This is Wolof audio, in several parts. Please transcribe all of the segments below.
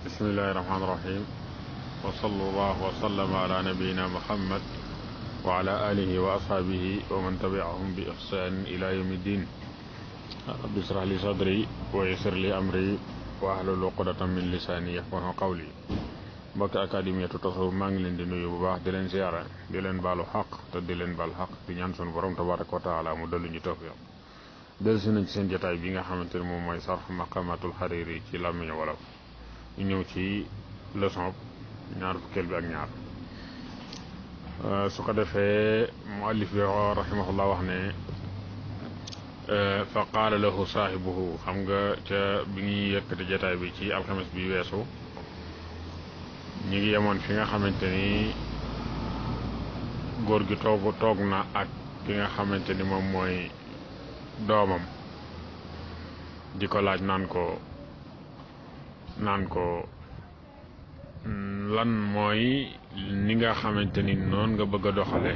بسم الله الرحمن الرحيم وصلى الله وسلم على نبينا محمد وعلى آله وأصحابه ومن تبعهم بإحسان إلى يوم الدين رب اشرح لي صدري ويسر لي أمري وأحلل عقدة من لساني يفقه قولي بك أكاديمية التصوف مانجلين دي نويو باه دي لين زيارة دي لين بالو حق تدي لين بالحق دي نانسون بروم تبارك وتعالى مدل ني توفيق دلسنا نجسين جتاي بيغا حمد المومي صرح مقامات الحريري كي لامي ولو ñu ñëw ci leçon ñaar fukkeel bi ak ñaar euh, su ko defee muallif bi rahimahullah wax ne euh, fa qaala lahu saahibuhu xam nga ca bi ñuy yëkkati jataay bi ci alxames bi weesu ñu ngi yemoon fi nga xamante ni góor gi toog toog na ak ki nga xamante ni moom mooy doomam di ko laaj naan ko naan ko hmm, lan mooy ni nga xamante ni noon nga bëgg a doxale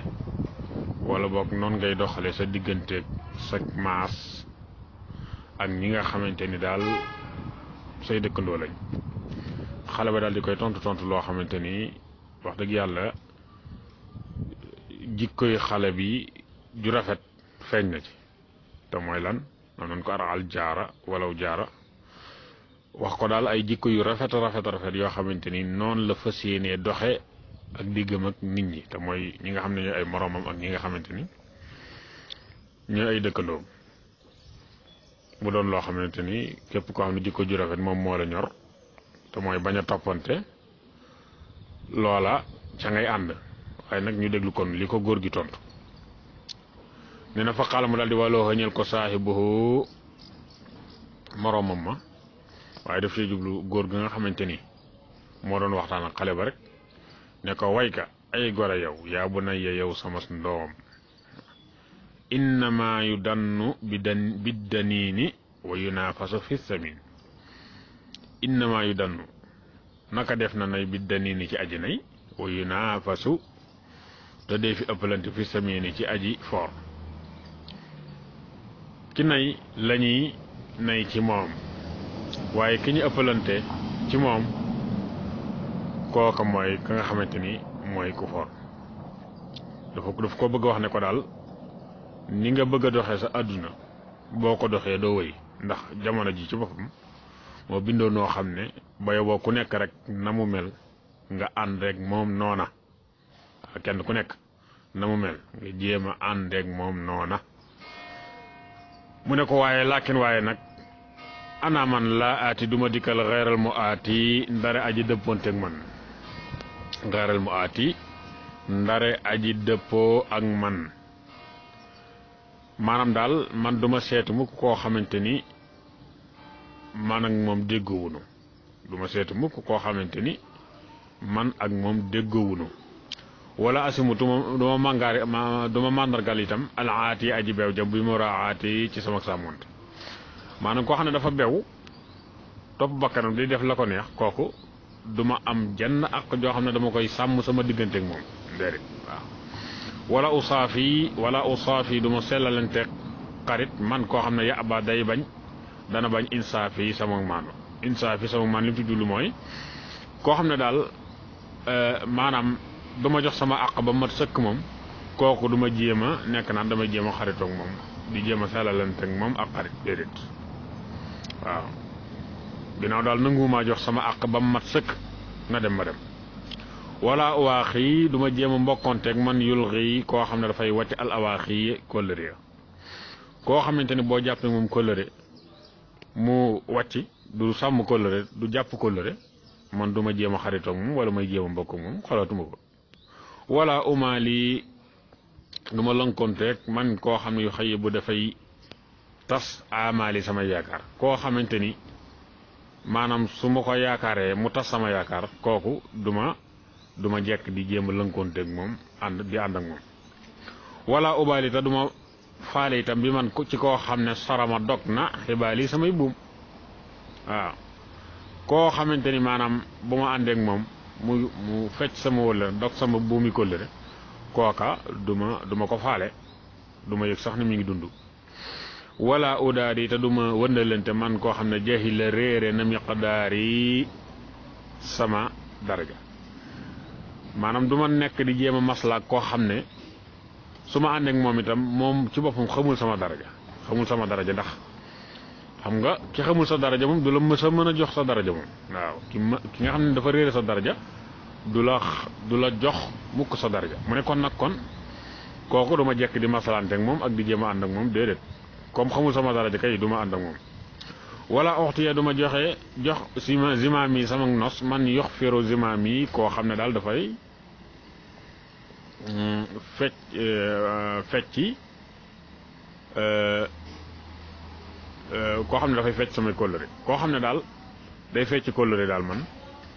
wala boog noon ngay doxale sa digganteeg sa maas ak ñi nga xamante ni daal say dëkkandoo lañ xale ba daal di koy tontu tontu loo xamante ni wax dëgg yàlla jikkoy xale bi ju rafet feeñ na ci te mooy lan noonu ko aral jaara walaw jaara wax ko dal ay jikko yu rafet rafet rafet yo xamanteni non la fassiyene doxé ak digam ak nit ñi ta moy ñi nga xamne ne ay moromam ak ñi nga xamanteni ni ay dekkandoo bu doon lo xamanteni kep ko xamne jikko ju rafet mom mo la ñor ta moy baña a lola ca ngay and waaye nak ñu déglu kon liko gor gi tontu nena fa xaala mu di ko sahibu moromam ma waaye def see jublu góor gi nga xamante ni moo doon waxtaan ak xale ba rek ne ko wayka ay gora yow yaa bu nay yow sama doom innamaa yu dannu bi dan bi daniini wa yunaafasu fi samin innamaa yu dannu naka def na nay bi ci aji nay wa yunaafasu te dee fi ëppalante fi ci aji foor ki nay lañuy nay ci moom waaye ki ñu ëppalante ci moom kooka mooy ka nga xamante ni mooy ku for dafa dafa ko bëgg wax ne ko daal ni nga bëgg a doxee sa àdduna boo ko doxee doo wéy ndax jamono ji ci boppam moo bindoo noo xam ne ba yoboo ku nekk rek na mu mel nga ànd rek moom noona kenn ku nekk na mu mel nga jéem a ànd rek moom noona mu ne ko waaye laakin waaye nag ana man la ati duma dikal ati mu ndare aji ak man xeeral mu ati ndare aji depo ak man manam dal man duma seetu mukk koo man ak moom duma man ak moom déggoowunu wala asimu duma màngaari duma mandargal itam al ati aji beew jam bi mura ati ci sama manam ko xamne dafa bew top bakkanam di def la neex koku duma am jenn ak jo xamne dama koy sam sama digeunte ak mom dere wala usafi wala usafi duma selalante qarit man ko xamne ya aba day bañ dana bañ insafi sama manu, insafi sama man li tuddu moy. jullu mooy dal, xam ne daal euh, maanaam jox sama ak ba ma sekk mom koku duma ma nek a dama jema xarit ak mom di jema selalante ak mom ak xarit dedet waaw ginnaaw daal nanguwumaa jox sama àq ba mu mat sëkk na dem ma dem wala awaax yi du ma jéem a mbokkonteeg man yulxi koo xam ne dafay wàcc al awaax yi kóllëre koo xamante ni boo jàppee moom kóllëre mu wàcc du sàmm kóllëre du jàpp kóllëre man du ma jéem a xaritoog moom wala may jéem a mbokk moom xalaatuma ko wala umaali du ma lënkonteeg man koo xam ne yu xëy bu dafay tas amali sama yakar ko xamanteni manam suma ko yakare mu tas sama yakar koku duma duma jek di jéem a ak mom and di and ak mom wala ubali ta duma faale tam bi man ci ko xamne sarama dokna na sama samay wa ko xamanteni manam buma ande ak mom mu mu fecc sama wala dok sama bumi ko le koka duma duma ko faale duma yek sax ni mi ngi wala udari ta duma wëndalante man ko xamne jahil jahila réere na sama daraja Manam duma nek di jema masla ko xamne suma ande ak mom itam mom ci bopum xamul sama daraja xamul sama daraja ndax xam nga ki xamul sa daraja mom dula ma sa meuna jox sa daraja mom. waaw ki nga xamne dafa sa daraja dula dula jox mukk sa daraja mu ne kon nak kon koku duma jek di maslaante ak mom ak di jema a ak mom dedet comme xamul sama daraja kay du ma ànd ak moom wala oxtiya du ma joxe jox sima zimaam yi sama nos man yox féro zimaam yi koo xam ne daal dafay fecc fecci koo xam ne dafay fecc samay kóllëre koo xam ne daal day fecc kóllëre daal man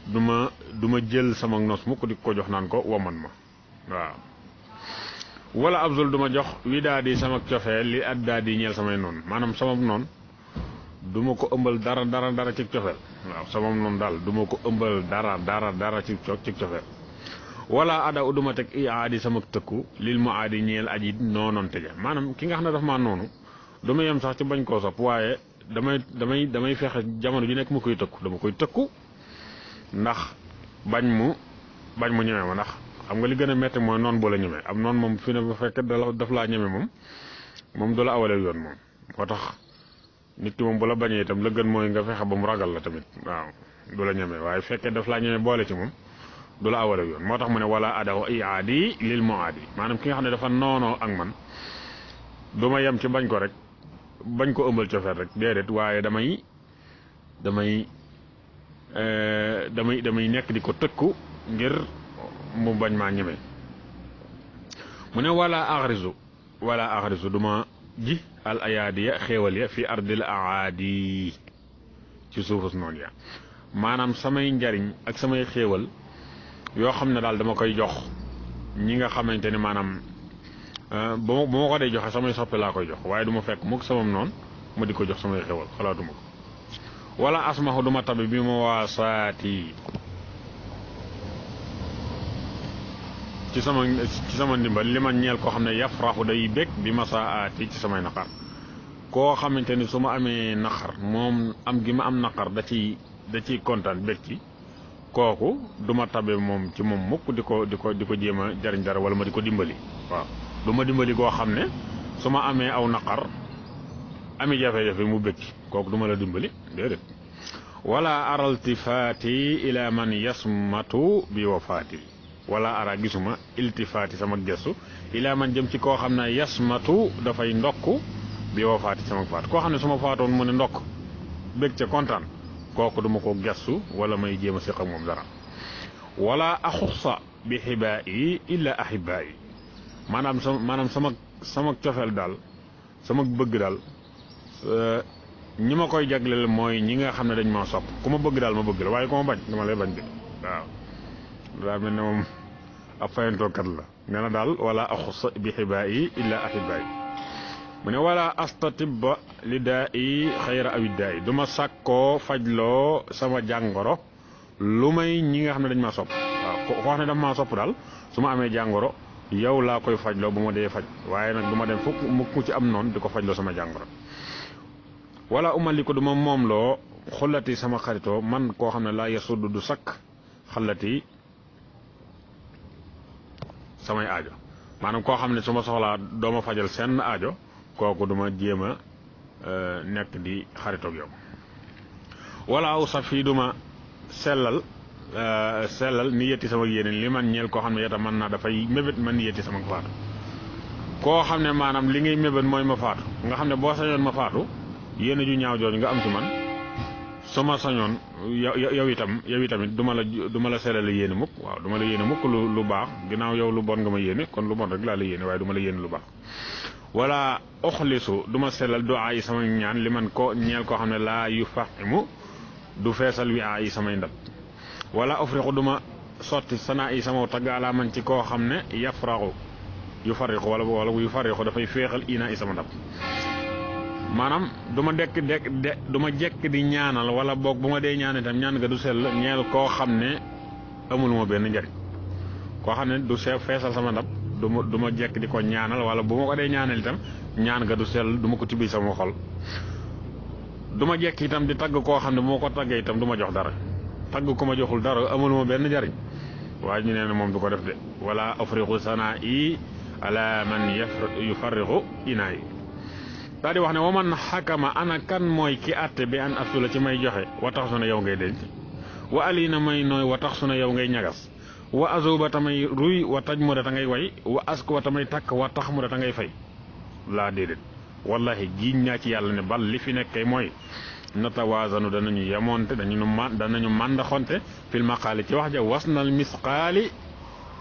du ma du ma jël sama nos mukk di ko jox naan ko waman ma waaw wala abzul duma jox wi daa di sama cofeel li at daa di ñeel samay non, maanaam sama non duma ko ëmbal dara dara dara ci cofeel waaw sama non dal duma ko ëmbal dara dara dara ci co ci wala ada uduma tek i aadi sama tekku lil muadi ñeel aji nonon ja manam ki nga xam daf ma nonu duma ma yem sax ci bañ ko sopp waye damay damay damay fex jamono ju nek mu koy tekku dama koy tekku ndax bañ mu bañ mu ma xam nga li gën a métti mooy noonu boo la ñemee am noon moom fi ne bu fekkee dala daf laa ñeme moom moom du la awaleel yoon moom moo tax nit ki moom bu la bañee tam la gën mooy nga fexe ba mu ragal la tamit waaw du la ñeme waaye fekkee daf laa ñeme boole ci moom du la awaleel yoon moo tax mu ne wala adahu iaadi lil moaadi maanaam ki nga xam ne dafa noonoo ak man du ma yem ci bañ ko rek bañ ko ëmbal cofeet rek déedéet waaye damay damay euh, damay damay nekk di ko tëkku ngir mu bañ maa ñeme mu ne wala axrisu wala axrisu duma ji al ayaadiya xéewal ya fi ardil aadi ci suufus noonu ya maanaam samay njariñ ak samay xéewal yoo xam ne daal dama koy jox ñi nga xamante ne maanaam ba ma ko dee joxe samay soppe laa koy jox waaye du fekk mukk samam noonu ma di jox samay xéewal xalaatuma ko wala asmahu duma tabi bi ma waasaati ci sama ci sama ndimbal li ma ñeel ko xamne yafrahu day bek bi ma saa ci sama naqar ko xamanteni suma amé naqar am gi ma am naqar da ci da ci contane bek ci koku duma tabé mom ci mom mukk di ko di ko di ko dara wala ma di ko dimbali wa duma dimbali go xamne suma amé aw naqar ami jafé jafé mu bek ci koku duma la dimbali dedet wala tifati ila man yasmatu bi wafaati wala ara gisuma iltifaati sama gestu ila man jëm ci ko xamna yasmatu yasmatu fay ndokk bi wafaati sama faat ko xamne ne suma faatoon mu ne ndokk bekk ci contane koku duma ko gestu wala may jema a séq dara wala axusa bi hibai illa ahibai manam manam sama sama tiofel dal sama bëgg dal euh, ñima koy jaglel moy ñi nga xamne dañ ma sopp kuma bëgg ma bëgg la waye bañ dama lay bañ de waaw daa mel ne moom ab la nee na wala axusa bi xibaayi illa axibaay mu wala astatibba li daa i xayra awi fajlo sama jangoro Lumai may ñi nga xam dañ maa sopp ko wax ne dafa maa sopp daal su yow koy faj Wae nag du ma dem fukk mukk ci am sama jangoro wala umaliku du ma sama xaritoo man ko xam ne laa yasudu samay aajo manam ko xamne suma soxla ma ma fajal sen aajo koku duma jema euh a e, di xaritok yow wala aw duma selal euh selal ni yetti sama yéeneen li man ñel ko xamne yata man na da fay mebet man yetti sama faatu ko xamne manam li ngay mebet moy ma faatu nga xamne bo sañon ma faatu yéen ju ñaaw joon nga am ci man suma sañon yow itam yow itamit du ma la duma la selale yéene mukk waaw du la yéene mukk lu lu baax ginnaaw yow lu bon nga ma yéene kon lu bon rek laa la yéene waaye du la yéene lu baax wala oxlisu duma ma selal du aay sama ñaan li man ko ñeel koo xam ne laa yu faximu du feesal wi aay samay ndam wala ofriqu duma ma sotti sanaa yi sama tagg alaa man ci koo xam ne yafraxu yu fariqu wala wala yu fariqu dafay féexal inaa yi sama ndab manam duma dek dek duma jek di ñaanal wala bok buma de ñaané tam ñaan nga du sel ñeel ko xamné amul mo ben njariñ ko xamné du fessal sama ndab duma duma jek di ko ñaanal wala buma ko de ñaanal tam ñaan nga du sel duma ko tibbi sama xol duma jek itam di tag ko xamné ne ko taggee itam duma jox dara tag ku ma joxul dara amul mo ben waaj ñu neena mom du ko def de wala afriqu sana'i ala man yufarriqu inai. dadi wax ne wa man xakama ana kan moy ki àtte bi an asula ci may joxe wa tax yow ngay denc wa alina may noy wa tax yow ngay ñagas wa azuba tamay ruy wa taj mu da ngay way wa ask wa tamay tak wa tax mu da ngay fay la dedet wallahi giiñ naa ci yàlla ne bal li fi nekk kay mooy natawaasanu danañu yamonte dañu man danañu xonte fil maqali ci wax ja wasnal misqali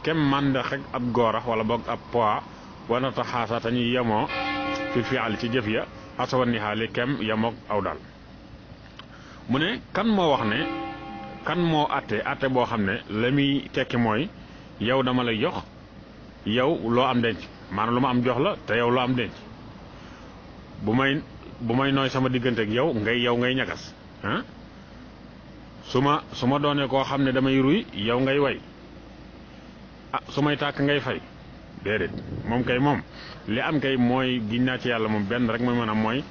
kem màndax xek ab gorax wala bok ab poids wa nataxaasa tañuy yamo fi fi'al ci jëf ya atawannihaali kem yamoog aw daal Mune kan moo wax ne kan mo atte atte boo xam ne la muy tekki mooy yow dama lay jox yow loo am denc maanaam lu am jox la te yow loo am denc bu may bu may sama diggante ak yow ngay yow ngay ñagas ah Suma suma su ko doonee damay ruy yow ngay way ah su may ngay fay déedéet moom kay moom li am kay mooy giñ naa ci yàlla moom benn rek mooy mën a mooy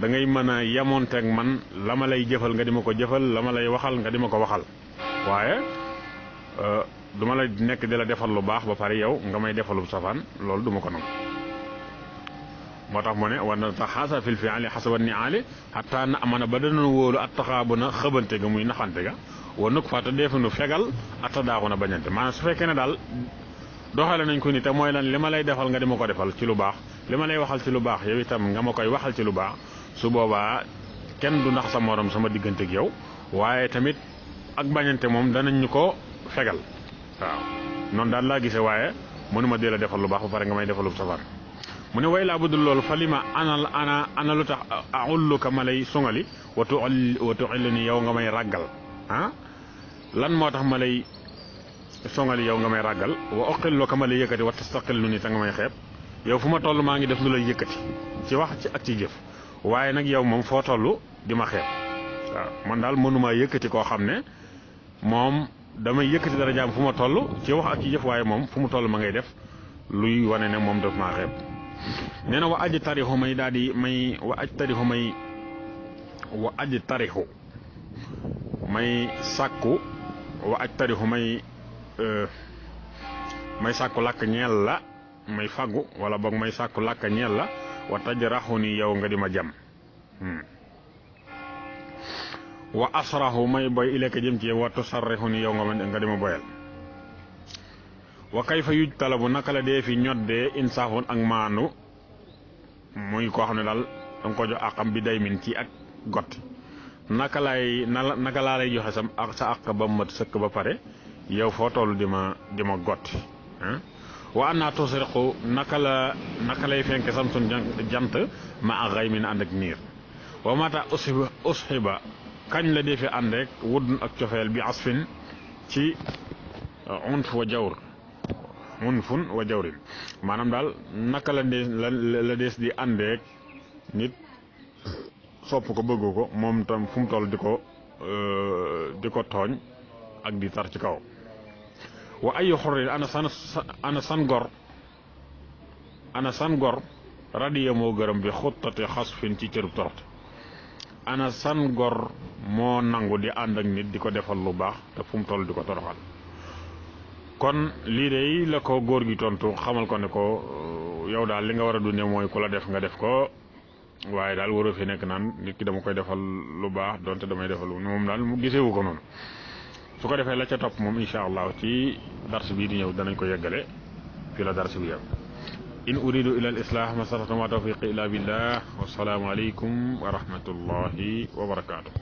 da ngay mën a yamoonte ak man la ma lay jëfal nga di ma ko jëfal la ma lay waxal nga di ma ko waxal waaye euh, duma la nekk di la defal lu baax ba pare yow nga may defalu safaan loolu duma ko nangu moo tax mu ne war na taxaasa fil fi ali xasaba ni ali xataa na amana ba dana wóolu at taxaabu na xëbante ga muy naxante ga wa nag fàtte deefinu fegal atta daaxu na bañante maanaam doxale nañ ko ni te moy lan lima lay defal nga dima ko defal ci lu bax lima lay waxal ci lu bax yow itam nga makoy waxal ci lu bax su boba kenn du nax sa morom sama diggante ak yow waye tamit ak bañante mom danañ ñu ko fegal waaw non daal la gisee waye mënuma dee defal lu bax ba pare nga may lu safar mune way la budul lol falima anal ana ana lutax tax aulluka ma sungali wa tuxilli yow nga may ragal han ah? lan motax malay songali yow nga may ràggal wa oqil loo kama lay yëkkati wa tastaqil lu ni ta nga may xeeb yow fu ma toll maa ngi def lu lay yëkkati ci wax ci ak ci jëf waaye nag yow moom foo toll di ma xeeb waaw man daal mënumaa yëkkati koo xam ne moom damay yëkkati dara fu ma toll ci wax ak ci jëf waaye moom fu mu toll ma ngay def luy wane ne moom daf maa xeeb nee na wa aji tarixu may daal di may wa aji tarixu may wa aji sàkku wa aji tarixu may Eh, may sàkku làkk ñeel la may faggu wala boog may sàkku làkk ñeel la wa nga di jam hmm. wa asrahu may boy ileka jëm ci wa tusarrihu ni yow nga di ma boyal wa kayfa yuj talabu naka la dee fi ñoddee insaafun ak maanu muy koo xam ne daal ko jox àqam bi day min ci ak got naka lay naka laa lay joxe sam ak sa ba mat ba pare yow foto tollu di ma di ma wa anna tusriqu nakala la fenke samsun jant ma aghaymin andak min wa mata usxiba usxiba kagn la defe andek wudun ak tiofel bi asfin ci uh, unf wa jawr unfun wa jawrin manam dal nakala la des di andek nit sop ko bëgg ko moom tam fum toll di ko uh, di ak di tar ci kaw wa ay ana san ana san gor ana san gor radiya mo gërem bi xuttati xasfin ci cërub ana san gor mo nangu di and ak nit diko defal lu bax te fum toll di toroxal kon li dey la ko gor gi tontu xamal ko ne ko yow dal li nga wara dunde moy kula def nga def ko waye dal waroo fi nek nan nit ki dama koy defal lu bax donte damay defal lu moom dal mu gisewu ko non su ko defee la ca topp moom incha allah ci dars bii di ñëw danañ ko yeggale fii la dars bi yem in uridu ila al islah ma satatama tawfiqi illa billah wasalaamu aleykum wa rahmatullahi wa barakaatu